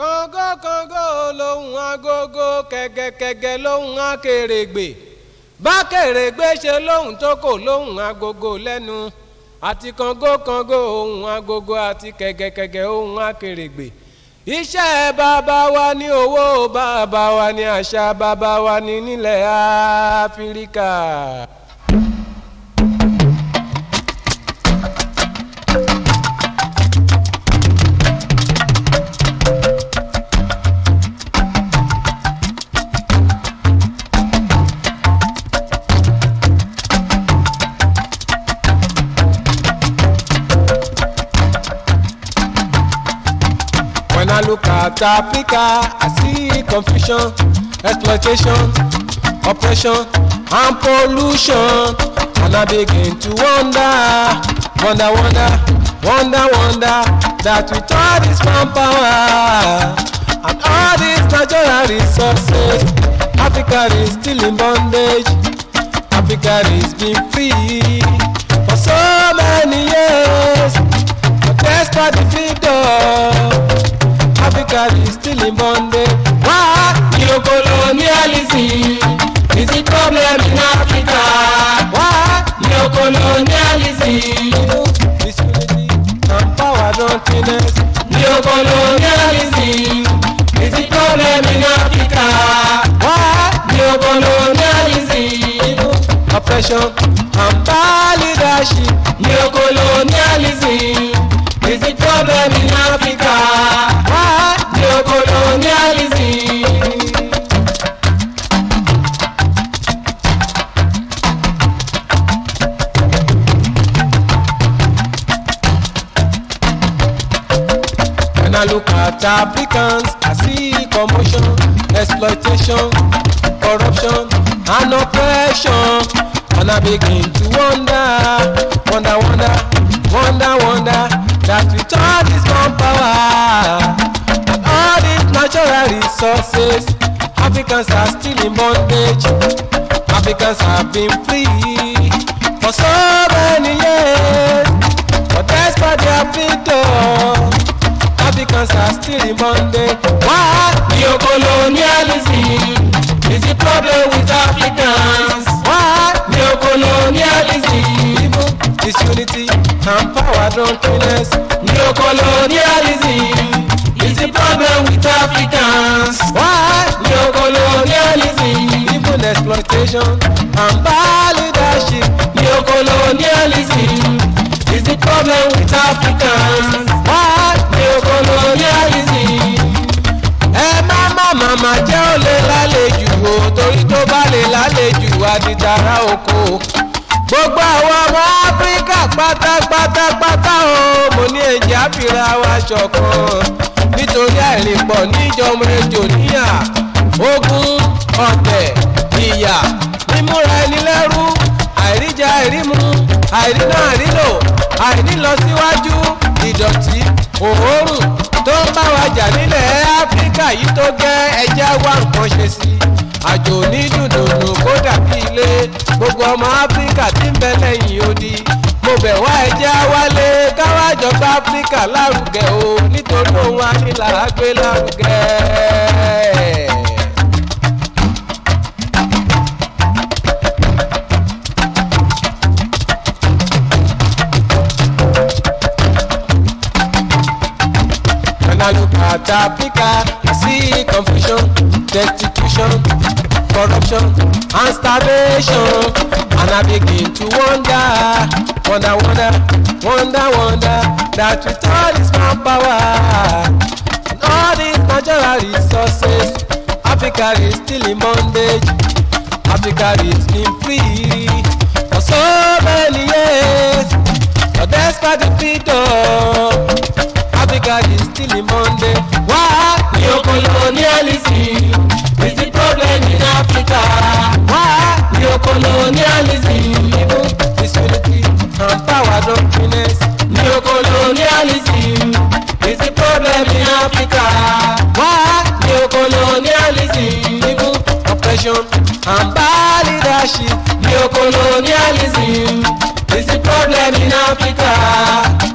kọ̀ǹgọ̀kọ̀ǹgọ̀ lòun agogo kẹ̀gẹ̀kẹ̀gẹ̀ lòun akèrègbè bá kèrègbè ṣe lòun tó kò lòun agogo lẹ́nu àti kọ̀ǹgọ̀kọ̀ǹgọ̀ òun agogo àti kẹ̀gẹ̀kẹ̀gẹ̀ òun akèrègbè iṣẹ́ bàbá wa ní owó bàbá wa ní àṣà bàbá wa ní nílẹ̀ áfíríkà. look at Africa, I see confusion, exploitation, oppression, and pollution. And I begin to wonder, wonder, wonder, wonder, wonder that with all this manpower and all these natural resources, Africa is still in bondage. Africa is being free for so many years. But despite the freedom. Italy, still in bondage. What? Neocolonialism is the problem in Africa. Why What? Neocolonialism. Disunity and power drunkenness. Neocolonialism is the problem in Africa. What? Neocolonialism. Oppression and bad leadership. Neocolonialism is the problem in Africa. can look at Africans, I see commotion exploitation corruption and oppression and I begin to wonder wonder wonder wonder wonder that with all this manpower and all these natural resources Africans are still in bondage Africans have been free for so many years but despite their freedom. Africans are still in Monday. Why? Neocolonialism is the problem with Africans. Why? neo-colonialism? is unity and power drunkenness. colonialism is the problem with Africans. Why? neo-colonialism? Even exploitation and bad leadership. colonialism is the problem with Africans. dìjàrá oko gbogbo àwọn ọmọ áfíríkà pátápátápátá o mo ní ẹ̀jẹ̀ àfihàn wa ṣọ̀kan nítorí àìlèpọ̀ níjọmọ ejò níyà ogun ọ̀tẹ̀ ìyà mímúra ẹni lẹ́rú àìríjà àìrímu àìrínà àìrílò àìnílọsíwájú ìdọ̀tí òórùn tó ń bá wa jà nílẹ̀ áfíríkà yìí tó gẹ́ ẹjẹ́ wá nǹkan ṣe sí àjò onídùndùn kó gbogbo ọmọ áfíríkà tí ń bẹ lẹ́yìn odi mo bẹ̀ wá ẹjẹ́ wálé káwájọ áfíríkà lárugẹ o nítorí ohun anílà á gbé lárugẹ. When I look at Africa, I see confusion, destitution corruption and starvation and I begin to wonder wonder wonder wonder wonder that with all this manpower and all these natural resources Africa is still in bondage Africa is still free for so many years. corruption and bad leadership. Neocolonialism is the problem in Africa.